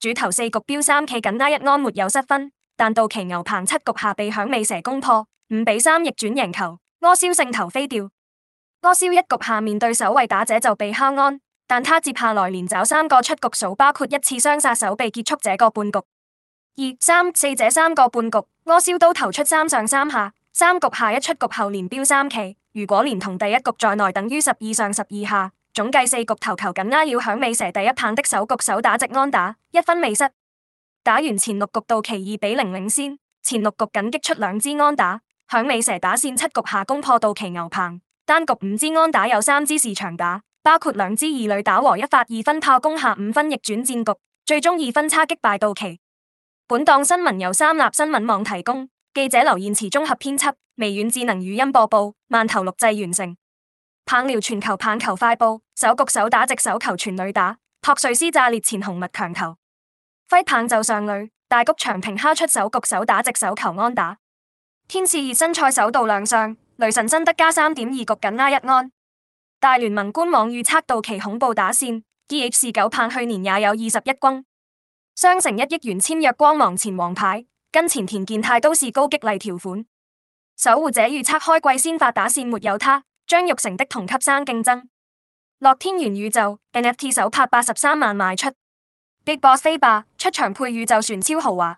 主投四局標三，僅捱一安沒有失分，但到期牛棚七局下被響尾蛇攻破，五比三逆轉贏球。柯蕭勝投飛掉，柯蕭一局下面對首位打者就被敲安，但他接下來連找三個出局數，包括一次雙殺守備，結束這個半局。二、三、四這三個半局，柯蕭都投出三上三下，三局下一出局後連標三期，如果連同第一局在內，等於十二上十二下。總計四局投球僅挨了響尾蛇第一棒的首局首打直安打，一分未失，打完前六局道奇二比零領先。前六局僅擊出兩支安打，響尾蛇打線七局下攻破道奇牛棚，單局五支安打有三支是長打，包括兩支二壘打和一發二分炮攻下五分逆轉戰局，最終二分差擊敗道奇。本檔新聞由三立新聞網提供，記者劉燕池綜合編輯，微軟智能語音播報，饅頭錄製完成。棒聊全球棒球快報，首局首打直手球全壘打，托瑞斯炸裂前紅襪強球，揮棒就上壘，大谷翔平敲出首局首打直手球安打，天使熱身賽首度亮相，雷神新德加三點二局僅挨一安，大聯盟官網預測道奇恐怖打線，杰士九棒去年也有二十一轟，雙城一億元簽約光芒前王牌，跟前田健太都是高激勵條款，守護者預測開季先發打線沒有他。張玉成的同級生競爭，樂天元宇宙 NFT 首拍八十三萬賣出，Big Boss 飛霸出場配宇宙船超豪華。